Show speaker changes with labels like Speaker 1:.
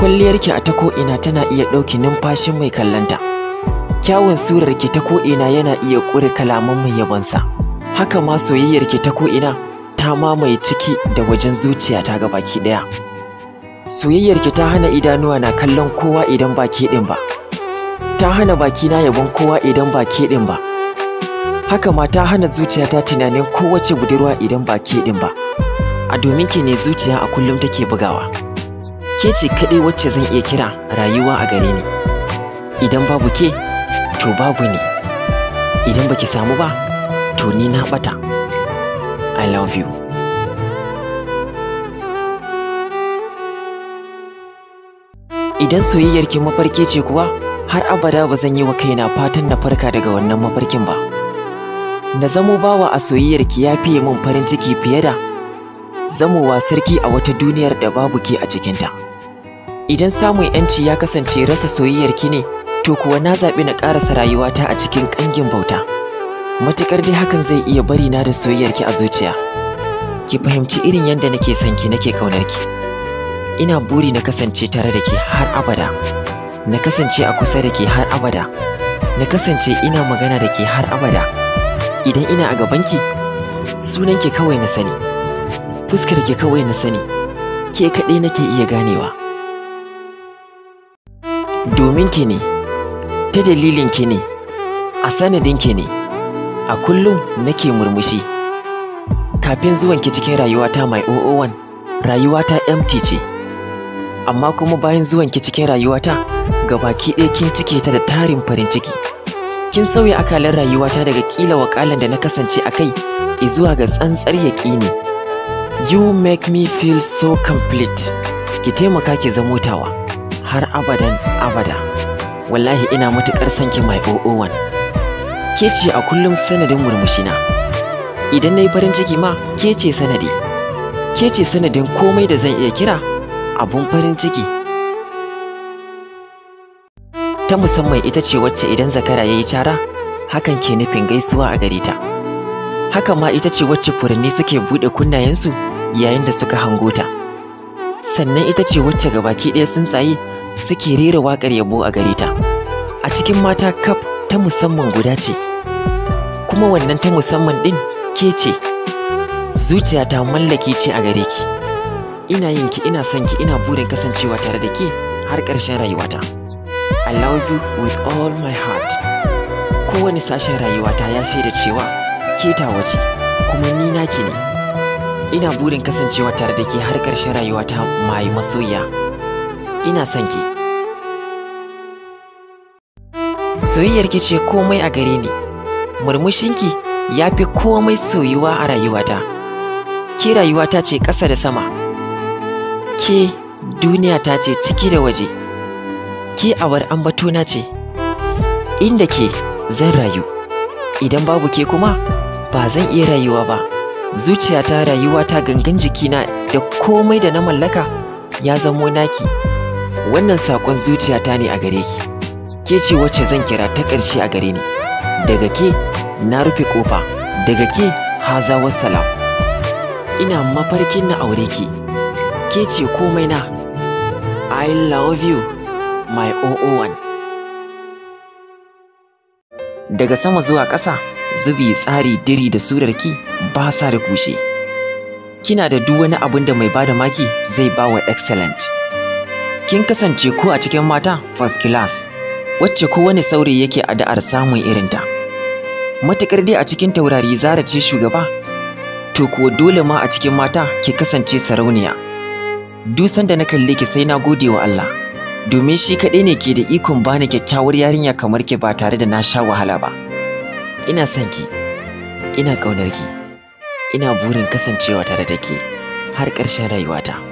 Speaker 1: Kwalliyarki a ta ko'ina tana iya ɗauki numfashin mai kallonta. Kyawun surarki ta ko'ina yana iya ƙure kalaman mai yabonsa. Haka ma soyayyarki ta ko'ina ta mamaye ciki da wajen zuciyata ga baki ɗaya. Soyayyarki ta hana idanuwa na kallon kowa idan ba ke ɗin ba. Ta hana bakina yabon kowa idan ba ke ɗin ba. Haka ma ta hana zuciyata tunanin kowace budurwa idan ba ke ɗin ba. A domin ki ne zuciya a kullum take bugawa. ke ce kaɗai wacce zan iya kira rayuwa a gare ni idan babu ke to babu ni idan baki samu ba to ni na bata i love you idan soyayyar ki mafarki ce kuwa har abada ba zan yi wa kaina fatan na farka daga wannan mafarkin ba na zamo bawa a soyayyar ki ya fiye min farin ciki fiye da zamowa sarki a wata duniyar da babu ke a cikinta. idan samun yanci ya kasance rasa soyayyar ki ne to kuwa na zaɓi na ƙarasa rayuwata a cikin ƙangin bauta matuƙar dai hakan zai iya bari na da soyayyarki a zuciya ki fahimci irin yadda nake son ki nake ƙaunar ki ina buri na kasance tare da ke har abada na kasance a kusa da ke har abada na kasance ina magana da ke har abada idan ina a ki, sunan ke kawai na sani fuskar ke kawai na sani ke kaɗai nake iya ganewa domin ki ne ta dalilin ki ne a sanadin ki ne a kullum nake murmushi kafin zuwan ki cikin rayuwata mai oo rayuwata empty ce amma kuma bayan zuwan ki cikin rayuwata gabaki ɗaya kin cike ta da tarin farin ciki kin sauya akalan rayuwata daga kila wakalan da na kasance a kai zuwa ga tsantsar yaƙini you make me feel so complete ki taimaka ki zamo tawa har abadan abada wallahi ina matuƙar son ki mai one. ke ce a kullum sanadin murmushi na. idan na farin ciki ma ke ce sanadi ke ce sanadin komai da zan iya kira abun farin ciki ta musamman ita ce wacce idan zakara yayi yi cara hakan ke nufin gaisuwa a gare ta haka ma ita ce wacce furanni suke buɗe kunnayensu yayin da suka hango ta sannan ita ce wacce gabaki ɗaya tsuntsaye suke rera waƙar yabo a gare ta a cikin mata kaf ta musamman guda ce kuma wannan ta musamman ɗin ke ce zuciya ta mallake ce a gare ki ina yin ki ina son ki ina burin kasancewa tare da ke har ƙarshen rayuwata I love you with all my heart kowane sashen rayuwata ya shaida cewa ke tawa ce kuma ni naki ne ina burin kasancewa tare da ke har ƙarshen rayuwata mai masoya ina son ki soyayyar ki ce komai a gare ni murmushinki ya fi komai soyuwa a rayuwata Ki rayuwata ce ƙasa da sama ke duniya ta ce ciki da waje ke awar an ambatona ce inda ke zan rayu idan babu ke kuma ba zan iya rayuwa ba zuciyata rayuwata gangan jikina da komai da na mallaka ya zamo naki wannan saƙon zuciyata ne a gare ki ke ce wacce zan kira ta ƙarshe a gare ni daga ke na rufe ƙofa daga ke haza wassalam ina mafarkin na aure ki ke ce komai na I love you my 001 daga sama zuwa ƙasa zubi tsari diri da surarki ba sa da kushe kina da duk wani abin da mai bada maki zai bawa excellent kin kasance ko a cikin mata first class wacce kowane saurayi yake ada'ar samun ta? matakar dai a cikin taurari zara ce shugaba to ko dole ma a cikin mata ki kasance sarauniya dusan da na kalle ki sai na gode wa Allah domin shi kaɗai ne ke da ikon bani kyakkyawar yarinya kamar ki ba tare da na sha wahala ba ina son ki ina ƙaunar ki ina burin kasancewa tare da ke har ƙarshen rayuwata